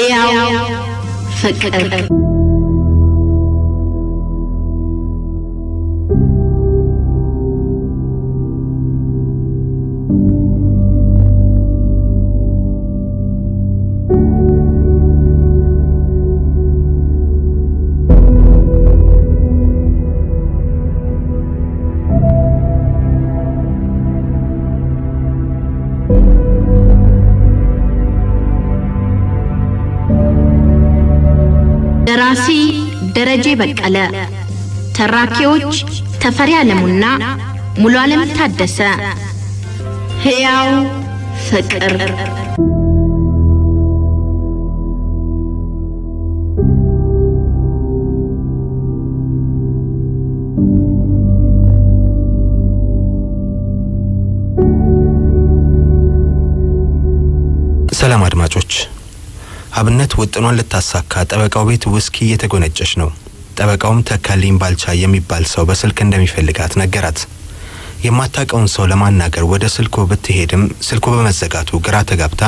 ሕያው ፍቅር ደረጀ በቀለ፣ ተራኪዎች ተፈሪ አለሙና ሙሉ ዓለም ታደሰ። ሕያው ፍቅር ሰላም አድማጮች አብነት ውጥኗን ልታሳካ ጠበቃው ቤት ውስኪ እየተጎነጨች ነው። ጠበቃውም ተካልኝ ባልቻ የሚባል ሰው በስልክ እንደሚፈልጋት ነገራት። የማታውቀውን ሰው ለማናገር ወደ ስልኩ ብትሄድም ስልኩ በመዘጋቱ ግራ ተጋብታ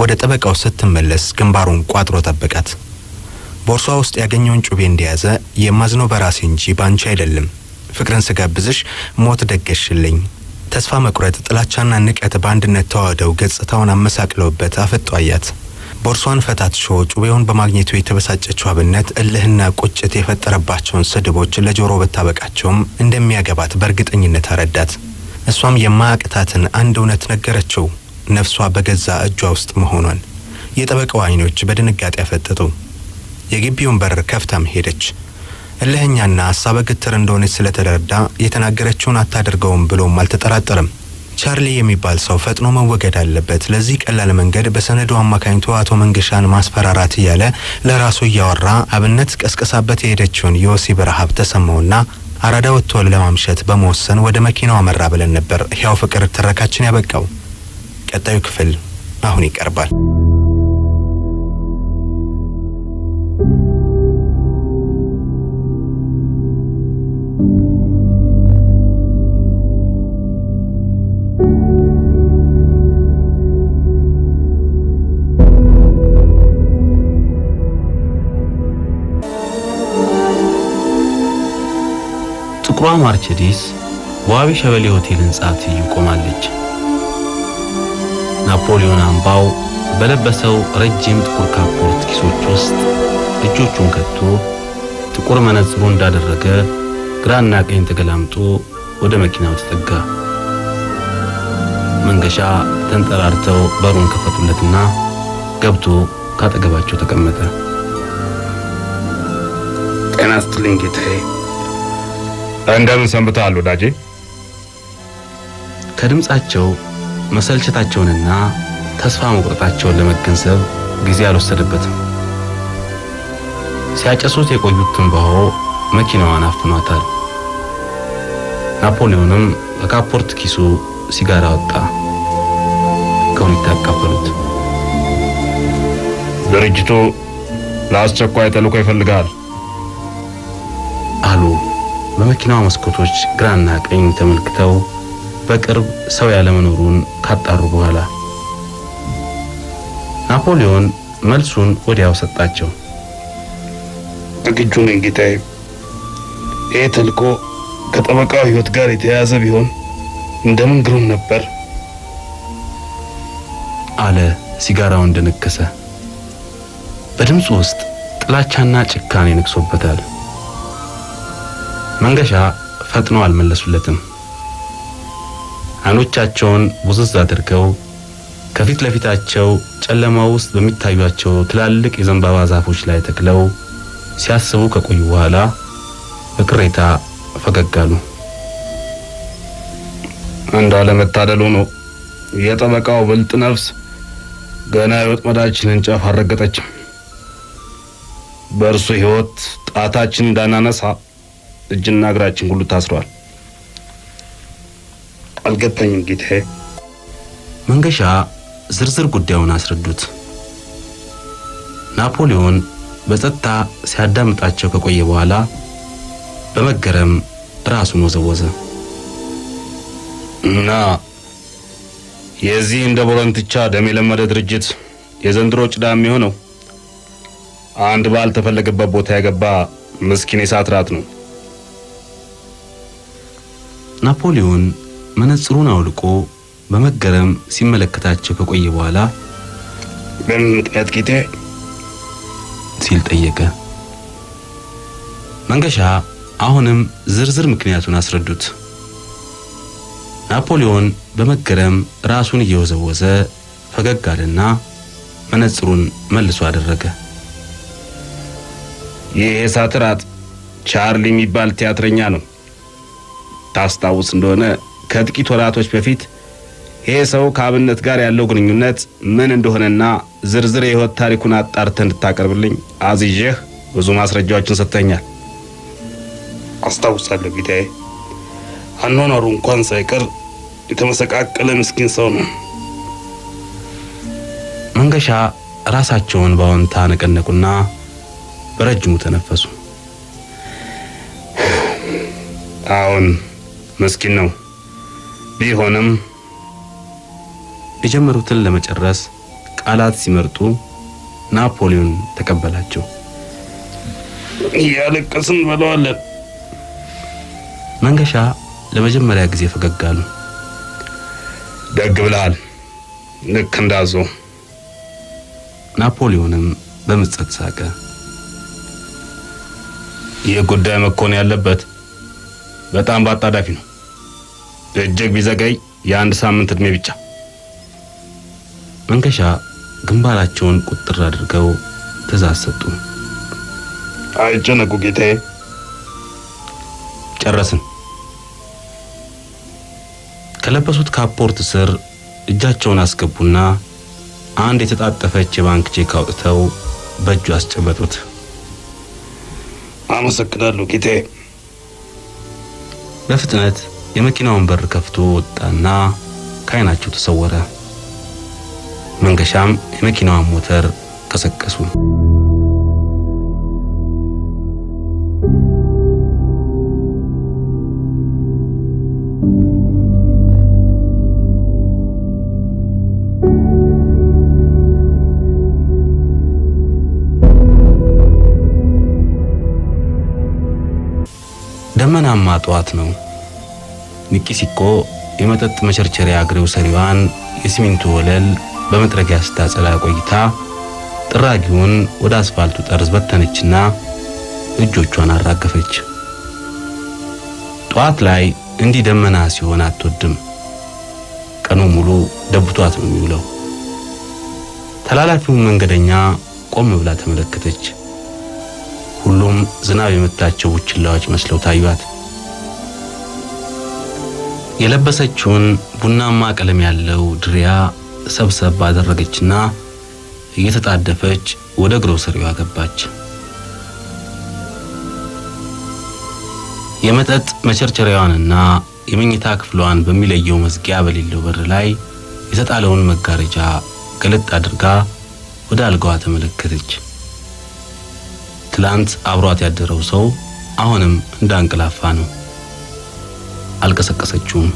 ወደ ጠበቃው ስትመለስ ግንባሩን ቋጥሮ ጠበቃት። ቦርሷ ውስጥ ያገኘውን ጩቤ እንደያዘ የማዝነው በራሴ እንጂ ባንቺ አይደለም። ፍቅርን ስጋብዝሽ ሞት ደገሽልኝ። ተስፋ መቁረጥ፣ ጥላቻና ንቀት በአንድነት ተዋህደው ገጽታውን አመሳቅለውበት አፈጧያት። ቦርሷን ፈታትሾ ጩቤውን በማግኘቱ የተበሳጨችው አብነት እልህና ቁጭት የፈጠረባቸውን ስድቦች ለጆሮ ብታበቃቸውም እንደሚያገባት በእርግጠኝነት አረዳት። እሷም የማያቅታትን አንድ እውነት ነገረችው፣ ነፍሷ በገዛ እጇ ውስጥ መሆኗን። የጠበቀው አይኖች በድንጋጤ ያፈጠጡ። የግቢውን በር ከፍታም ሄደች። እልህኛና ሀሳበ ግትር እንደሆነች ስለተረዳ የተናገረችውን አታደርገውም ብሎም አልተጠራጠረም። ቻርሊ የሚባል ሰው ፈጥኖ መወገድ አለበት። ለዚህ ቀላል መንገድ በሰነዱ አማካኝቶ አቶ መንገሻን ማስፈራራት እያለ ለራሱ እያወራ አብነት ቀስቀሳበት የሄደችውን የወሲብ ረሃብ ተሰማውና አራዳ ወጥቶ ለማምሸት በመወሰን ወደ መኪናው አመራ ብለን ነበር። ሕያው ፍቅር ትረካችን ያበቃው። ቀጣዩ ክፍል አሁን ይቀርባል። ፍቅሯ ማርቸዲስ ዋቢ ሸበሌ ሆቴል ህንጻ ትይዩ ቆማለች። ናፖሊዮን አምባው በለበሰው ረጅም ጥቁር ካፖርት ኪሶች ውስጥ እጆቹን ከቶ ጥቁር መነጽሩ እንዳደረገ ግራና ቀኝ ተገላምጦ ወደ መኪናው ተጠጋ። መንገሻ ተንጠራርተው በሩን ከፈቱለትና ገብቶ ካጠገባቸው ተቀመጠ። ጤና ይስጥልኝ ጌታዬ። እንደምን ሰንብተሃል ወዳጄ? ከድምጻቸው መሰልቸታቸውንና ተስፋ መቁረጣቸውን ለመገንዘብ ጊዜ አልወሰደበትም። ሲያጨሱት የቆዩት ትንባሆ መኪናዋን አፍኗታል። ናፖሊዮንም በካፖርት ኪሱ ሲጋራ ወጣ። ከሁኔታ ያካፈሉት ድርጅቱ ለአስቸኳይ ተልኮ ይፈልጋል በመኪናዋ መስኮቶች ግራና ቀኝ ተመልክተው በቅርብ ሰው ያለመኖሩን ካጣሩ በኋላ ናፖሊዮን መልሱን ወዲያው ሰጣቸው። ዝግጁ ነኝ ጌታዬ። ይህ ተልእኮ ከጠበቃው ሕይወት ጋር የተያያዘ ቢሆን እንደምን ግሩም ነበር አለ ሲጋራው እንደነከሰ። በድምፁ ውስጥ ጥላቻና ጭካኔ ነግሶበታል። መንገሻ ፈጥኖ አልመለሱለትም። አይኖቻቸውን ውስዝ አድርገው ከፊት ለፊታቸው ጨለማ ውስጥ በሚታዩቸው ትላልቅ የዘንባባ ዛፎች ላይ ተክለው ሲያስቡ ከቆዩ በኋላ በቅሬታ ፈገግ አሉ። እንዳለመታደሉ ነው የጠበቃው ብልጥ ነፍስ ገና የወጥመዳችንን ጫፍ አልረገጠችም። በእርሱ ሕይወት ጣታችን እንዳናነሳ እጅና እግራችን ሁሉ ታስሯል። አልገባኝም ጌታዬ። መንገሻ ዝርዝር ጉዳዩን አስረዱት። ናፖሊዮን በጸጥታ ሲያዳምጣቸው ከቆየ በኋላ በመገረም ራሱን ወዘወዘ እና የዚህ እንደ ቦረንትቻ ደም የለመደ ድርጅት የዘንድሮ ጭዳ የሚሆነው አንድ ባልተፈለገበት ቦታ ያገባ ምስኪን የሳት ራት ነው። ናፖሊዮን መነጽሩን አውልቆ በመገረም ሲመለከታቸው ከቆየ በኋላ ምን ምክንያት ሲል ጠየቀ። መንገሻ አሁንም ዝርዝር ምክንያቱን አስረዱት። ናፖሊዮን በመገረም ራሱን እየወዘወዘ ፈገግ አለና መነጽሩን መልሶ አደረገ። ይህ የሳትራት ቻርሊ የሚባል ቲያትረኛ ነው። ታስታውስ እንደሆነ ከጥቂት ወራቶች በፊት ይሄ ሰው ከአብነት ጋር ያለው ግንኙነት ምን እንደሆነና ዝርዝር የህይወት ታሪኩን አጣርተን እንድታቀርብልኝ አዝዤህ ብዙ ማስረጃዎችን ሰጥተኛል። አስታውሳለሁ ጌታዬ። አኗኗሩ እንኳን ሳይቀር የተመሰቃቀለ ምስኪን ሰው ነው። መንገሻ ራሳቸውን በአዎንታ ነቀነቁና በረጅሙ ተነፈሱ። አሁን መስኪን ነው። ቢሆንም የጀመሩትን ለመጨረስ ቃላት ሲመርጡ ናፖሊዮን ተቀበላቸው። እያለቀስን በለዋለን። መንገሻ ለመጀመሪያ ጊዜ ፈገግ አሉ። ደግ ብለሃል፣ ልክ እንዳዞ። ናፖሊዮንም በምጸት ሳቀ። ይህ ጉዳይ መኮን ያለበት በጣም በአጣዳፊ ነው። እጅግ ቢዘገይ የአንድ ሳምንት እድሜ ብቻ። መንከሻ ግንባራቸውን ቁጥር አድርገው ትእዛዝ ሰጡ። አይጨነቁ ጌታዬ። ጨረስን። ከለበሱት ካፖርት ስር እጃቸውን አስገቡና አንድ የተጣጠፈች የባንክ ቼክ አውጥተው በእጁ አስጨበጡት። አመሰግናለሁ ጌታዬ። በፍጥነት የመኪናውን በር ከፍቶ ወጣና ከዓይናቸው ተሰወረ። መንገሻም የመኪናዋን ሞተር ቀሰቀሱ። ደመናማ ጠዋት ነው። ንቂሲቆ የመጠጥ መቸርቸሪያ እግሬው ሰሪዋን የሲሚንቶ ወለል በመጥረጊያ ስታጸላ ቆይታ ጥራጊውን ወደ አስፋልቱ ጠርዝ በተነችና እጆቿን አራገፈች። ጠዋት ላይ እንዲህ ደመና ሲሆን አትወድም። ቀኑ ሙሉ ደብቷት ነው የሚውለው። ተላላፊውን መንገደኛ ቆም ብላ ተመለከተች። ሁሉም ዝናብ የመታቸው ቡችላዎች መስለው ታዩአት። የለበሰችውን ቡናማ ቀለም ያለው ድሪያ ሰብሰብ አደረገችና እየተጣደፈች ወደ ግሮሰሪዋ ገባች። የመጠጥ መቸርቸሪያዋንና የመኝታ ክፍሏን በሚለየው መዝጊያ በሌለው በር ላይ የተጣለውን መጋረጃ ገለጥ አድርጋ ወደ አልጋዋ ተመለከተች። ትላንት አብሯት ያደረው ሰው አሁንም እንዳንቀላፋ ነው። አልቀሰቀሰችውም።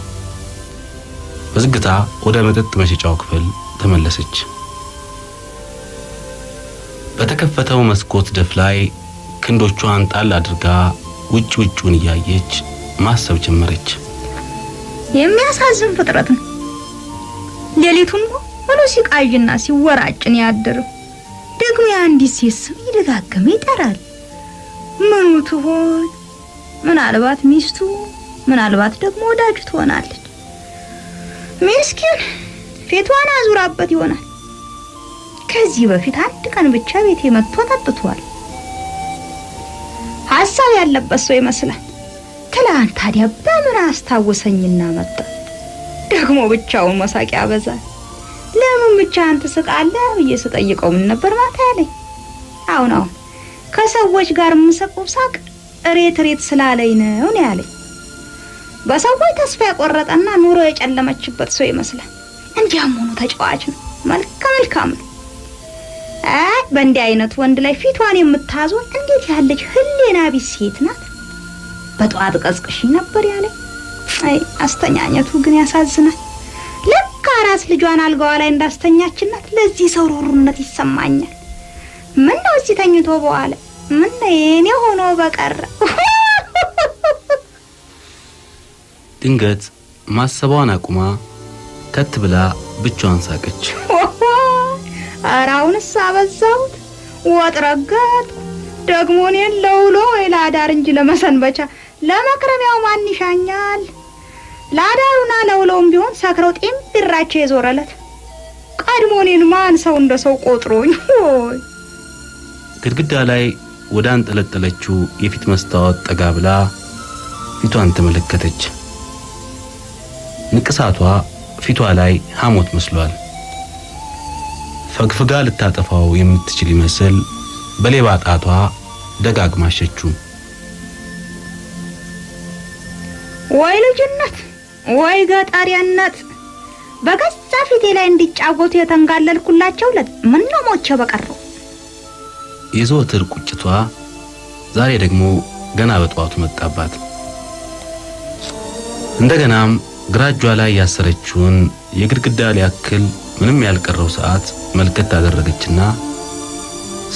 በዝግታ ወደ መጠጥ መሸጫው ክፍል ተመለሰች። በተከፈተው መስኮት ደፍ ላይ ክንዶቿን ጣል አድርጋ ውጭ ውጭውን እያየች ማሰብ ጀመረች። የሚያሳዝን ፍጥረት ነው። ሌሊቱን ሲቃይና ሲቃዥና ሲወራጭን ያደረው የአንዲት ሴት ስም ይደጋገመ ይጠራል። ምኑ ትሆን? ምናልባት ሚስቱ፣ ምናልባት ደግሞ ወዳጁ ትሆናለች። ምስኪን ፊቷን አዙራበት ይሆናል። ከዚህ በፊት አንድ ቀን ብቻ ቤቴ መጥቶ ጠጥቷል። ሀሳብ ያለበት ሰው ይመስላል። ትላንት ታዲያ በምን አስታወሰኝና መጣ። ደግሞ ብቻውን መሳቂያ ያበዛል። ለምን ብቻ አንተ ትስቃለህ ብዬ ስጠይቀው ምን ነበር ማታ ያለኝ፣ አሁን አሁን ከሰዎች ጋር የምሰቀው ሳቅ እሬት እሬት ስላለኝ ነው ነው ያለኝ። በሰዎች ተስፋ የቆረጠና ኑሮ የጨለመችበት ሰው ይመስላል። እንዲያም ሆኖ ተጫዋች ነው፣ መልካም መልካም ነው። አይ በእንዲህ አይነት ወንድ ላይ ፊቷን የምታዙ እንዴት ያለች ህሊና ቢስ ሴት ናት። በጠዋት ቀዝቅሽኝ ነበር ያለኝ። አይ አስተኛኘቱ ግን ያሳዝናል። አራስ ልጇን አልጋዋ ላይ እንዳስተኛችናት ለዚህ ሰው ሩሩነት ይሰማኛል። ምን ነው እዚህ ተኝቶ በኋለ ምን ነው የኔ ሆኖ በቀረ። ድንገት ማሰቧን አቁማ ከት ብላ ብቻዋን ሳቀች። ኧረ አበዛሁት፣ ወጥ ደግሞ እኔን ለውሎ ወይ ለአዳር እንጂ ለመሰንበቻ ለመክረሚያው ማን ይሻኛል? ለአዳሩና ለውለውም ቢሆን ሰክረው ጤም ቢራቸው የዞረለት ቀድሞ እኔን ማን ሰው እንደ ሰው ቆጥሮኝ። ግድግዳ ላይ ወደ አንጠለጠለችው የፊት መስታወት ጠጋ ብላ ፊቷን ተመለከተች። ንቅሳቷ ፊቷ ላይ ሐሞት መስሏል። ፈግፍጋ ልታጠፋው የምትችል ይመስል በሌባ ጣቷ ደጋግማሸችው። ወይ ልጅነት ወይ ገጣሪ እናት በገዛ ፊቴ ላይ እንዲጫወቱ የተንጋለልኩላቸው ዕለት ምነው ሞቼ በቀረው። የዘወትር ቁጭቷ ዛሬ ደግሞ ገና በጠዋቱ መጣባት። እንደገናም ግራ እጇ ላይ ያሰረችውን የግድግዳ ሊያክል ምንም ያልቀረው ሰዓት መልከት አደረገችና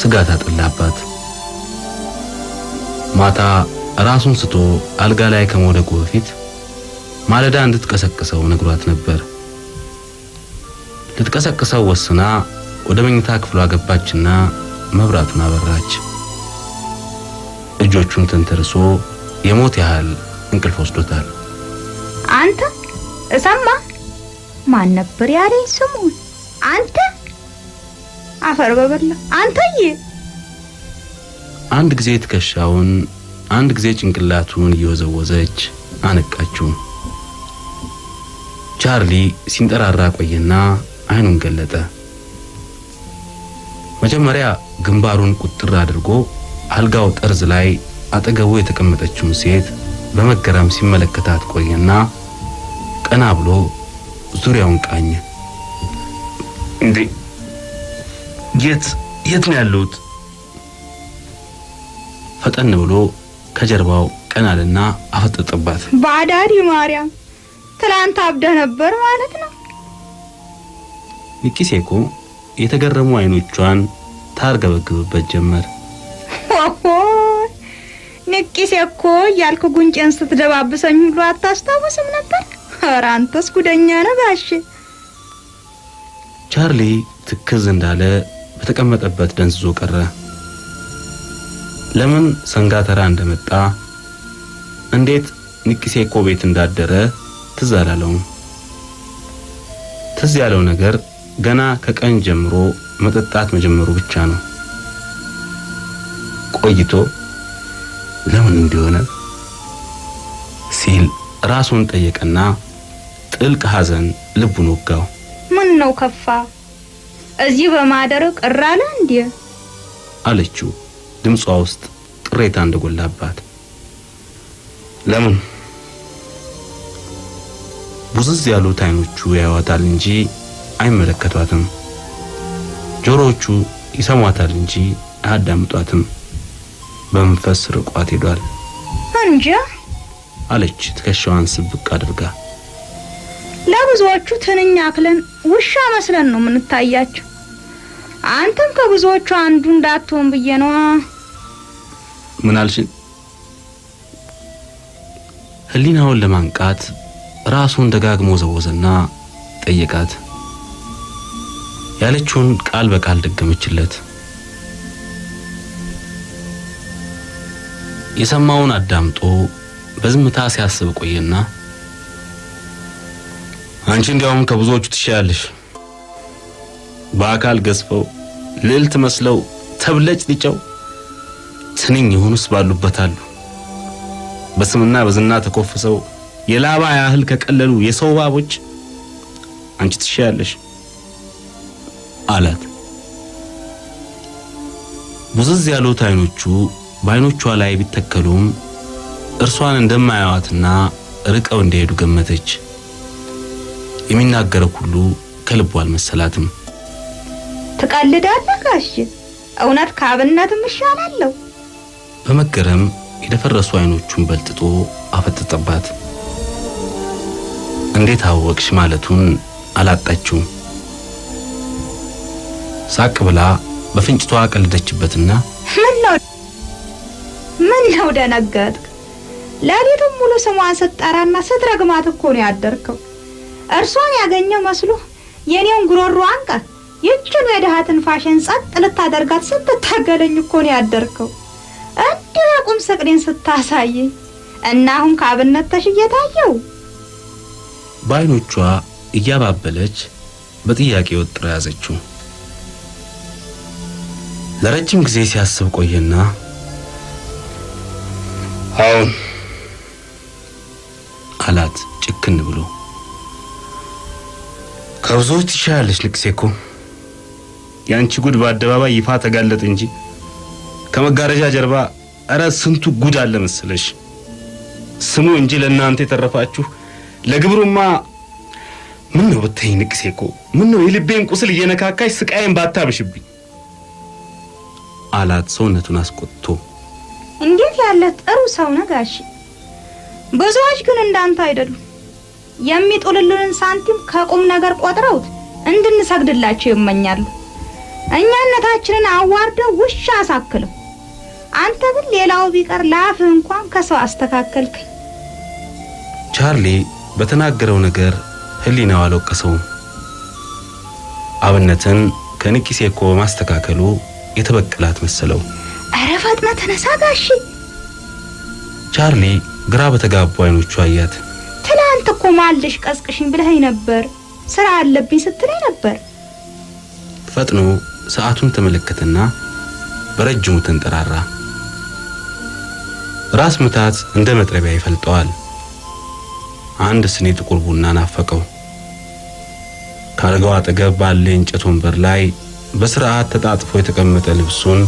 ስጋት አጠላባት። ማታ ራሱን ስቶ አልጋ ላይ ከመውደቁ በፊት ማለዳ እንድትቀሰቅሰው ነግሯት ነበር። ልትቀሰቅሰው ወስና ወደ መኝታ ክፍሏ ገባችና መብራቱን አበራች። እጆቹን ተንተርሶ የሞት ያህል እንቅልፍ ወስዶታል። አንተ እሰማ ማን ነበር ያለኝ ስሙን? አንተ አፈር በበላ አንተዬ! አንድ ጊዜ ትከሻውን፣ አንድ ጊዜ ጭንቅላቱን እየወዘወዘች አነቃችው። ቻርሊ ሲንጠራራ ቆየና አይኑን ገለጠ። መጀመሪያ ግንባሩን ቁጥር አድርጎ አልጋው ጠርዝ ላይ አጠገቡ የተቀመጠችውን ሴት በመገረም ሲመለከታት ቆየና ቀና ብሎ ዙሪያውን ቃኘ። እንዴ የት የት ነው ያለሁት? ፈጠን ብሎ ከጀርባው ቀናልና አፈጠጠባት። ባዳሪ ማርያም ትላንት አብደህ ነበር ማለት ነው። ሚኪሴኮ የተገረሙ አይኖቿን ታርገበግብበት ጀመር። ኦሆ ንቂሴኮ እያልኩ ጉንጬን ስትደባብሰኝ ሁሉ አታስታውስም ነበር? ኧረ አንተስ ጉደኛ ነህ ባሼ። ቻርሊ ትክዝ እንዳለ በተቀመጠበት ደንዝዞ ቀረ። ለምን ሰንጋተራ እንደመጣ እንዴት ንቂሴኮ ቤት እንዳደረ ትዝ አላለውም። ትዝ ያለው ነገር ገና ከቀን ጀምሮ መጠጣት መጀመሩ ብቻ ነው። ቆይቶ ለምን እንደሆነ ሲል ራሱን ጠየቀና ጥልቅ ሐዘን ልቡን ወጋው። ምን ነው ከፋ? እዚህ በማደር ቅር አለ እንዴ? አለችው ድምጿ ውስጥ ቅሬታ እንደጎላባት። ለምን ውዝዝ ያሉት አይኖቹ ያዩዋታል እንጂ አይመለከቷትም። ጆሮዎቹ ይሰሟታል እንጂ አያዳምጧትም። በመንፈስ ርቋት ሄዷል። እንጃ አለች ትከሻዋን ስብቅ አድርጋ። ለብዙዎቹ ትንኛ አክለን ውሻ መስለን ነው የምንታያቸው። አንተም ከብዙዎቹ አንዱ እንዳትሆን ብዬ ነዋ። ምን አልሽን? ህሊናውን ለማንቃት ራሱን ደጋግሞ ዘወዘና ጠየቃት። ያለችውን ቃል በቃል ደገመችለት። የሰማውን አዳምጦ በዝምታ ሲያስብ ቆየና አንቺ እንዲያውም ከብዙዎቹ ትሻያለሽ። በአካል ገዝፈው ልዕልት መስለው ተብለጭ ልጨው ትንኝ የሆኑስ ባሉበት አሉ። በስምና በዝና ተኮፍሰው የላባ ያህል ከቀለሉ የሰው እባቦች አንቺ ትሻያለሽ አላት። ብዝዝ ያሉት አይኖቹ በአይኖቿ ላይ ቢተከሉም እርሷን እንደማያዋትና ርቀው እንደሄዱ ገመተች። የሚናገረው ሁሉ ከልቡ አልመሰላትም። ትቀልዳለህ ጋሽ፣ እውነት ከአብነትም እሻላለሁ በመገረም የደፈረሱ አይኖቹን በልጥጦ አፈጠጠባት። እንዴት አወቅሽ ማለቱን አላጣችውም። ሳቅ ብላ በፍንጭቷ አቀልደችበትና ምን ነው ደነገጥክ? ለሊቱም ሙሉ ስሟን ስትጠራና ስትረግማት እኮ ነው ያደርከው። እርሷን ያገኘው መስሎ የኔውን ጉሮሮ አንቀ ይችን የድሃ ትንፋሽን ጸጥ ልታደርጋት ስትታገለኝ እኮ ነው ያደርከው። እንዲህ ቁም ስቅሌን ስታሳይ እና አሁን ከአብነት ተሽ እየታየው በአይኖቿ እያባበለች በጥያቄ ወጥራ ያዘችው። ለረጅም ጊዜ ሲያስብ ቆየና አሁን አላት ጭክን ብሎ ከብዙዎች ንቅሴ ኮ የአንቺ ጉድ በአደባባይ ይፋ ተጋለጥ እንጂ ከመጋረጃ ጀርባ እረ ስንቱ ጉድ አለ መሰለሽ ስሙ እንጂ ለእናንተ የተረፋችሁ ለግብሩማ ምን ነው ብትይኝ ንቅሴ እኮ ምን ነው የልቤን ቁስል እየነካካሽ ስቃዬን ባታብሽብኝ አላት ሰውነቱን አስቆጥቶ። እንዴት ያለ ጥሩ ሰው ነጋሽ ብዙዎች ግን እንዳንተ አይደሉም። የሚጥሉልንን ሳንቲም ከቁም ነገር ቆጥረውት እንድንሰግድላቸው ይመኛሉ። እኛነታችንን አዋርደው ውሻ አሳክለው። አንተ ግን ሌላው ቢቀር ለአፍህ እንኳን ከሰው አስተካከልክ ቻርሊ በተናገረው ነገር ህሊናው አልወቀሰውም። አብነትን ከንቂሴኮ እኮ በማስተካከሉ የተበቀላት መሰለው። አረ ፋጥና ተነሳ ጋሺ። ቻርሊ ግራ በተጋቡ አይኖቹ አያት። ትናንት እኮ ማልሽ ቀስቅሽኝ ብለኸኝ ነበር፣ ስራ አለብኝ ስትለኝ ነበር። ፈጥኖ ሰዓቱን ተመለከተና በረጅሙ ተንጠራራ። ራስ ምታት እንደ መጥረቢያ ይፈልጠዋል። አንድ ስኒ ጥቁር ቡና ናፈቀው። ከአልጋው አጠገብ ባለ እንጨት ወንበር ላይ በስርዓት ተጣጥፎ የተቀመጠ ልብሱን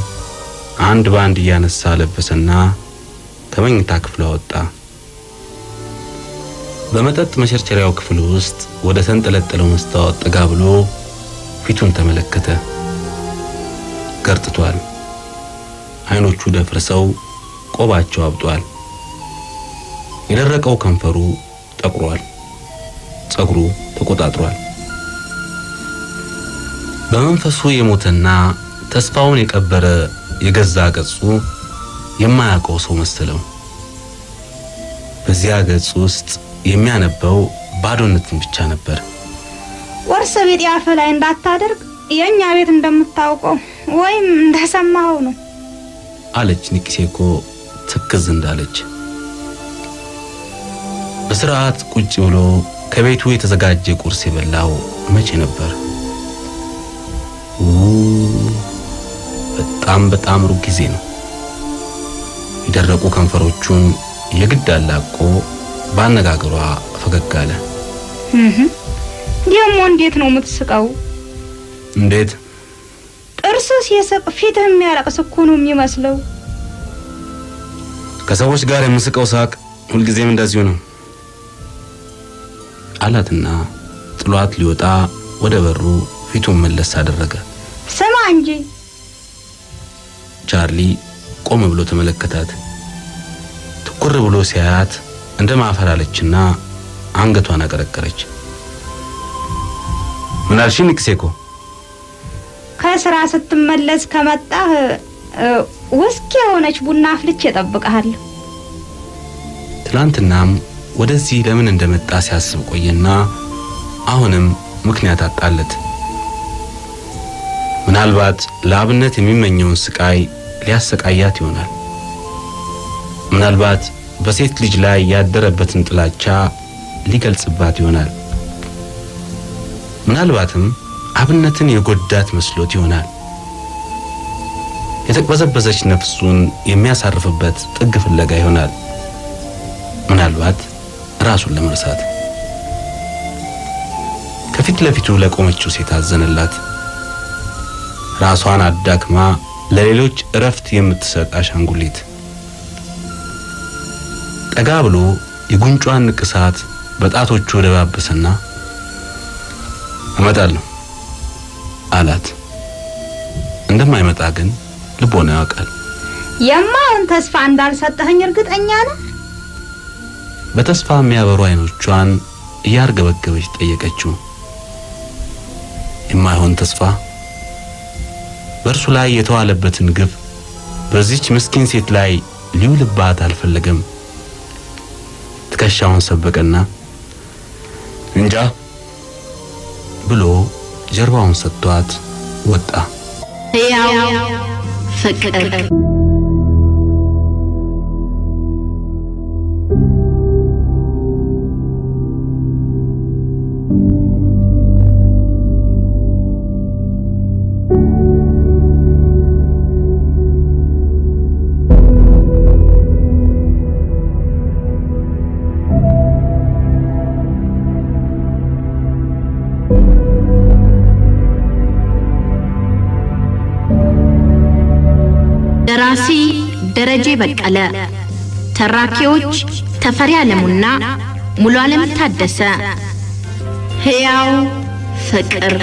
አንድ ባንድ እያነሳ ለበሰና ከመኝታ ክፍሉ ወጣ። በመጠጥ መቸርቸሪያው ክፍል ውስጥ ወደ ተንጠለጠለው መስታወት ጠጋ ብሎ ፊቱን ተመለከተ። ገርጥቷል። አይኖቹ ደፍርሰው ቆባቸው አብጧል። የደረቀው ከንፈሩ ጠቁሯል። ጸጉሩ ተቆጣጥሯል። በመንፈሱ የሞተና ተስፋውን የቀበረ የገዛ ገጹ የማያውቀው ሰው መሰለው። በዚያ ገጽ ውስጥ የሚያነበው ባዶነትን ብቻ ነበር። ወርሰ ቤት ያፈ ላይ እንዳታደርግ የእኛ ቤት እንደምታውቀው ወይም እንደሰማኸው ነው አለች ንቂሴኮ ትክዝ እንዳለች በስርዓት ቁጭ ብሎ ከቤቱ የተዘጋጀ ቁርስ የበላው መቼ ነበር? በጣም በጣም ሩቅ ጊዜ ነው። የደረቁ ከንፈሮቹን የግድ አላቆ ባነጋገሯ ፈገግ አለ። ደግሞ እንዴት ነው የምትስቀው? እንዴት ጥርስ ሲስቅ ፊትህ የሚያለቅስ እኮ ነው የሚመስለው። ከሰዎች ጋር የምስቀው ሳቅ ሁልጊዜም እንደዚሁ ነው። አላትና ጥሏት ሊወጣ ወደ በሩ ፊቱን መለስ አደረገ። ስማ እንጂ ቻርሊ ቆም ብሎ ተመለከታት። ትኩር ብሎ ሲያያት እንደ አለችና አንገቷን አቀረቀረች። ምናልሽ ንቅሴኮ? ከስራ ስትመለስ ከመጣህ ውስኪ የሆነች ቡና አፍልቼ እጠብቅሃለሁ። ትላንትናም ወደዚህ ለምን እንደመጣ ሲያስብ ቆየና አሁንም ምክንያት አጣለት። ምናልባት ለአብነት የሚመኘውን ስቃይ ሊያሰቃያት ይሆናል። ምናልባት በሴት ልጅ ላይ ያደረበትን ጥላቻ ሊገልጽባት ይሆናል። ምናልባትም አብነትን የጎዳት መስሎት ይሆናል። የተቅበዘበዘች ነፍሱን የሚያሳርፍበት ጥግ ፍለጋ ይሆናል ምናልባት ራሱን ለመርሳት ከፊት ለፊቱ ለቆመችው ሴት አዘነላት። ራሷን አዳክማ ለሌሎች እረፍት የምትሰጥ አሻንጉሊት ጠጋ ብሎ የጉንጯን ንቅሳት በጣቶቹ ደባበሰና እመጣለሁ አላት። እንደማይመጣ ግን ልቦና ያውቃል። የማውን ተስፋ እንዳልሰጠኸኝ እርግጠኛ ነው። በተስፋ የሚያበሩ አይኖቿን እያርገበገበች ጠየቀችው። የማይሆን ተስፋ በእርሱ ላይ የተዋለበትን ግፍ በዚች ምስኪን ሴት ላይ ሊውልባት አልፈለገም። ትከሻውን ሰበቀና እንጃ ብሎ ጀርባውን ሰጥቷት ወጣ። ያው ፍቅር ደረጀ በቀለ፣ ተራኪዎች ተፈሪ አለሙና ሙሉ ዓለም ታደሰ። ሕያው ፍቅር